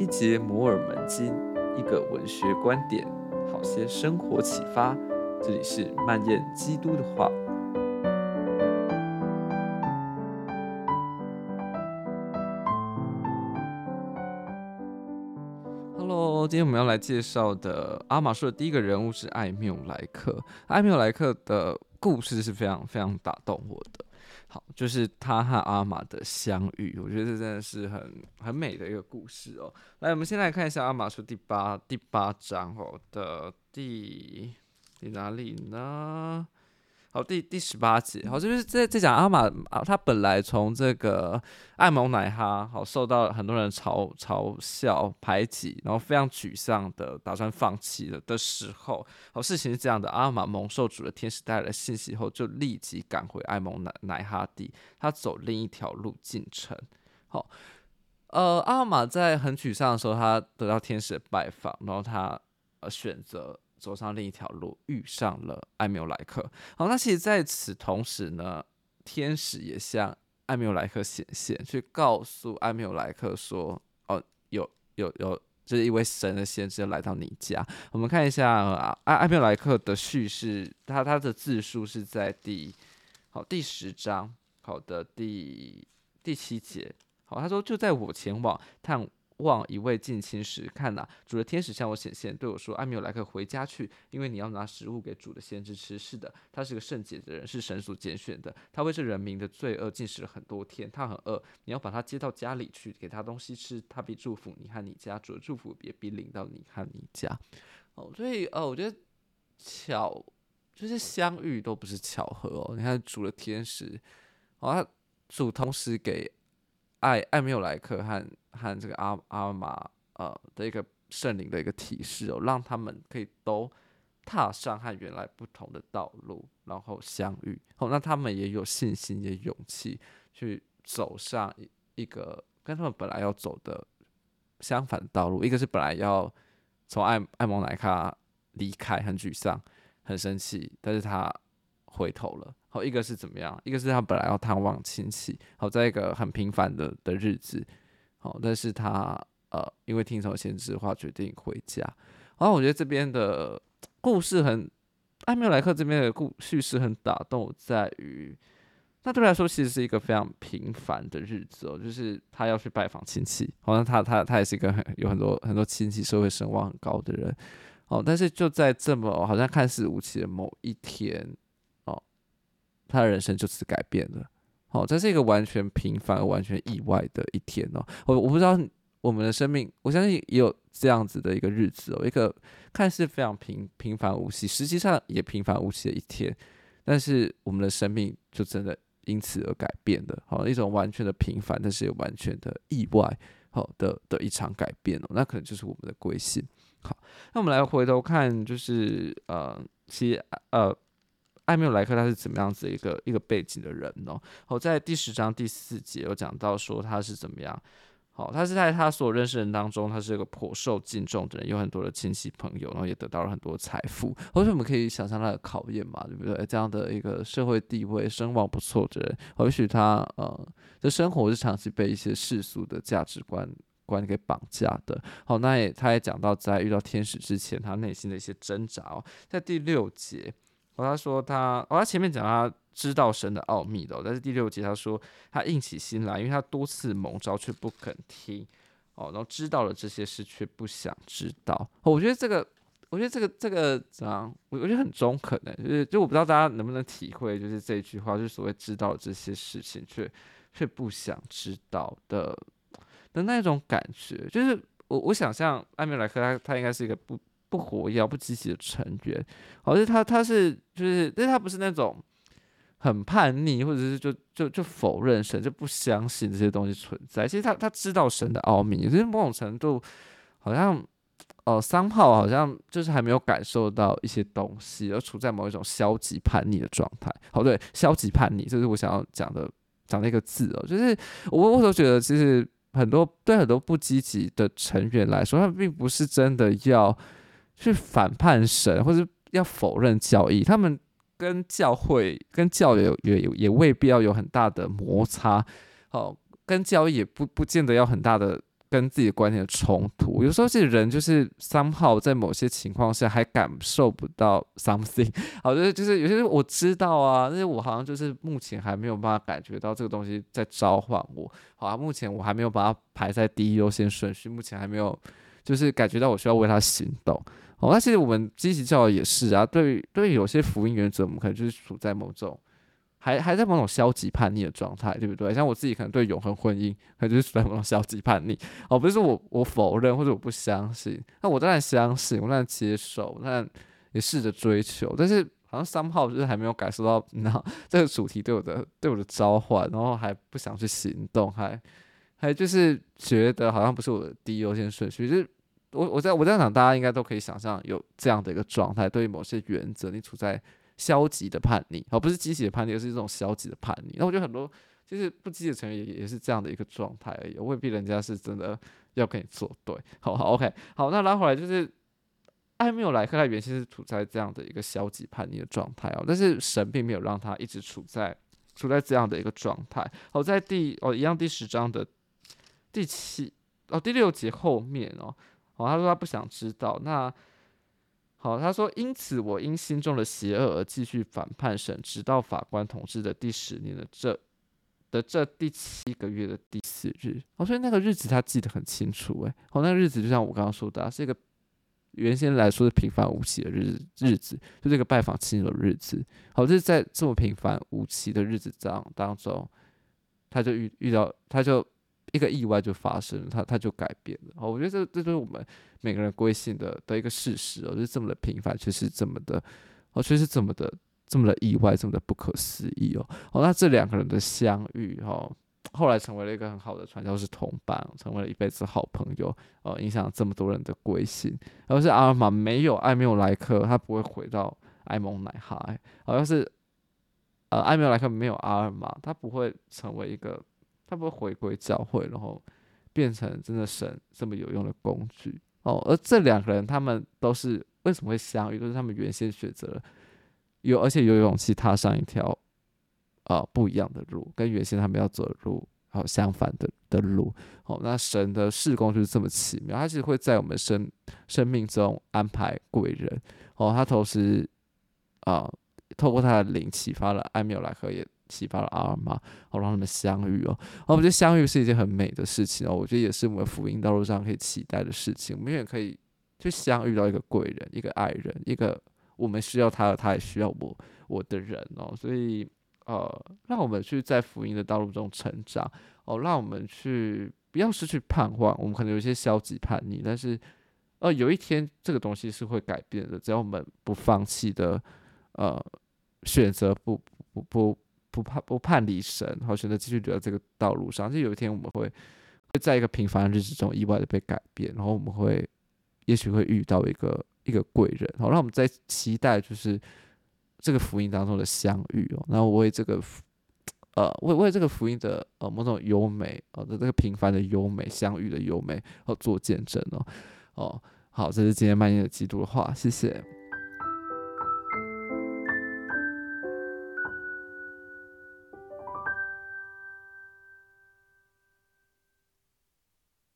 一節摩爾門經，一個文學觀點，好些生活啟發。這裡是漫研基督的話。Hello，今天我們要來介紹的阿爾瑪書的第一個人物是艾繆萊克。艾繆萊克的故事是非常非常打動我的。好，就是他和阿瑪的相遇，我覺得這真的是很很美的一個故事哦、喔。來，我們先來看一下《阿瑪書》第八第八章哦的第第哪裡呢？好，第第十八集，好，就是在這講阿瑪，他本來從這個艾蒙乃哈，好，受到很多人嘲嘲笑排擠，然後非常沮喪的，打算放棄了的時候，好，事情是這樣的，阿瑪蒙受主的天使帶來的信息後，就立即趕回艾蒙乃乃哈地，他走另一條路進城，好，呃，阿瑪在很沮喪的時候，他得到天使的拜訪，然後他呃選擇。走上另一條路，遇上了艾謬萊克。好，那其實在此同時呢，天使也向艾謬萊克顯現，去告訴艾謬萊克說：“哦，有有有，這、就是一位神的先知來到你家。”我們看一下啊，艾艾謬萊克的敘事，他他的字數是在第好第十章，好的第第七節。好，他說：“就在我前往探。”望一位近親時，看吶、啊，主的天使向我顯現，對我說：“艾謬萊克，回家去，因為你要拿食物給主的先知吃。是的，他是個聖潔的人，是神所揀選的。他為這人民的罪惡禁食了很多天，他很餓。你要把他接到家裡去，給他東西吃。他必祝福你和你家，主的祝福也必臨到你和你家。哦，所以呃、哦，我覺得巧就是相遇都不是巧合哦。你看，主的天使，哦，他主同時給。艾艾謬萊克和和這個阿阿瑪呃的一個聖靈的一個提示哦，讓他們可以都踏上和原來不同的道路，然後相遇哦。那他們也有信心、也勇氣去走上一個跟他們本來要走的相反的道路。一個是本來要從艾艾蒙萊卡離開，很沮喪、很生氣，但是他。回頭了，好，一個是怎麼樣？一個是他本來要探望親戚，好，在一個很平凡的的日子，好，但是他呃，因為聽從先知的話，決定回家。然後我覺得這邊的故事很，艾謬萊克這邊的故敘事很打動，在於那對他來說其實是一個非常平凡的日子哦，就是他要去拜訪親戚，好像他他他也是一個很有很多很多親戚，社會聲望很高的人，哦，但是就在這麼好像看似無奇的某一天。他的人生就此改變了。好、哦，在這是一個完全平凡、完全意外的一天哦，我我不知道我們的生命，我相信也有這樣子的一個日子哦，一個看似非常平平凡無奇，實際上也平凡無奇的一天，但是我們的生命就真的因此而改變了。好、哦，一種完全的平凡，但是也完全的意外，好、哦、的的一場改變哦，那可能就是我們的歸信。好，那我們來回頭看，就是呃，其實呃。艾謬萊克他是怎麼樣子一個一個背景的人呢、哦？好、哦，在第十章第四節有講到說他是怎麼樣。好、哦，他是在他所認識的人當中，他是一個頗受敬重的人，有很多的親戚朋友，然後也得到了很多財富。或、哦、許我們可以想象他的考驗嘛，對不對？這樣的一個社會地位、聲望不錯的人，或、哦、許他呃，的生活是長期被一些世俗的價值觀觀給綁架的。好、哦，那也他也講到在遇到天使之前，他內心的一些掙扎哦，在第六節。哦，他說他哦，他前面講他知道神的奧祕的、哦，但是第六集他說他硬起心來，因為他多次蒙召卻不肯聽哦，然後知道了這些事卻不想知道。哦，我覺得這個，我覺得這個這個啊，我我覺得很中肯，就是就我不知道大家能不能體會，就是這一句話，就是所謂知道這些事情卻卻不想知道的的那種感覺，就是我我想象艾謬萊克他他應該是一個不。不活躍、不積極的成員，好、哦、像他他是就是，但是他不是那種很叛逆，或者是就就就否認神，就不相信這些東西存在。其實他他知道神的奧秘，就是某種程度，好像哦，三、呃、炮好像就是還沒有感受到一些東西，而處在某一種消極叛逆的狀態。哦，對，消極叛逆，這、就是我想要講的講那個字哦，就是我我都覺得其實很多對很多不積極的成員來說，他並不是真的要。去反叛神，或者要否認教義，他們跟教會、跟教友也也，也未必要有很大的摩擦。好，跟教義也不不見得要很大的跟自己觀點的衝突。有時候，這人就是 somehow 在某些情況下還感受不到 something 好。好，就是，就是有些我知道啊，但是我好像就是目前還沒有辦法感覺到這個東西在召喚我。好啊，目前我還沒有把它排在第一優先順序，目前還沒有就是感覺到我需要為他行動。哦，那其實我們積極教育也是啊，對於對於，有些福音原則，我們可能就是處在某種還，還還在某種消極叛逆的狀態，對不對？像我自己可能對永恆婚姻，還就是處在某種消極叛逆。哦，不是說我我否認或者我不相信，那我當然相信，我當然接受，但也試着追求，但是好像 somehow 就是還沒有感受到，那這個主題對我的對我的召喚，然後還不想去行動，還還就是覺得好像不是我的第一優先順序，就是。我我在我在想，大家應該都可以想象有這樣的一個狀態。對於某些原則，你處在消極的叛逆哦，不是積極的叛逆，而是一種消極的叛逆。那我覺得很多就是不積極的成員也也是這樣的一個狀態而已，未必人家是真的要跟你作對。好，好，OK，好，那拉回來就是，艾繆萊克他原先是處在這樣的一個消極叛逆的狀態哦，但是神並沒有讓他一直處在處在這樣的一個狀態。好，哦，在第哦一樣第十章的第七哦第六節後面哦。好、哦，他說他不想知道。那好、哦，他說，因此我因心中的邪惡而繼續反叛神，直到法官統治的第十年的這的這第七個月的第四日。哦，所以那個日子他記得很清楚。哎，哦，那個日子就像我剛剛說的、啊，是一個原先來說是平凡無奇的日日子，嗯、就這、是、個拜訪親友的日子。好、哦，這、就是在這麼平凡無奇的日子當當中，他就遇遇到他就。一個意外就發生了，他他就改變了哦。我覺得這這就是我們每個人歸信的的一個事實哦，就是這麼的平凡，卻是這麼的，哦，卻是這麼的，這麼的意外，這麼的不可思議哦。哦，那這兩個人的相遇哦，後來成為了一個很好的傳教士同伴，成為了一輩子好朋友，哦、呃，影響這麼多人的歸信。而是阿爾瑪沒有艾謬萊克，他不會回到艾蒙乃哈；好、哦、像是呃，艾謬萊克沒有阿爾瑪，他不會成為一個。他不會回歸教會，然後變成真的神這麼有用的工具哦。而這兩個人，他們都是為什麼會相遇？都、就是他們原先選擇了有，而且有勇氣踏上一條啊、呃、不一樣的路，跟原先他們要走的路還有、呃、相反的的路。哦，那神的事工就是這麼奇妙，他其實會在我們生生命中安排貴人。哦，他同時啊。呃透過他的靈啟發了艾謬萊克，也啟發了阿爾瑪，好，讓他們相遇哦。好，我覺得相遇是一件很美的事情哦。我覺得也是我們福音道路上可以期待的事情。我們也可以去相遇到一個貴人、一個愛人、一個我們需要他的，而他也需要我我的人哦。所以，呃，讓我們去在福音的道路中成長哦、呃，讓我們去不要失去盼望。我們可能有一些消極叛逆，但是，呃，有一天這個東西是會改變的。只要我們不放棄的，呃。選擇不不不不不叛不叛離神，好，選擇繼續留在這個道路上。就有一天我們會會在一個平凡的日子中意外的被改變，然後我們會也許會遇到一個一個貴人，好讓我們在期待就是這個福音當中的相遇哦。然後為這個福呃為為這個福音的呃某種優美哦的、呃、這個平凡的優美相遇的優美，然後做見證哦哦，好，這是今天半的基督的話，謝謝。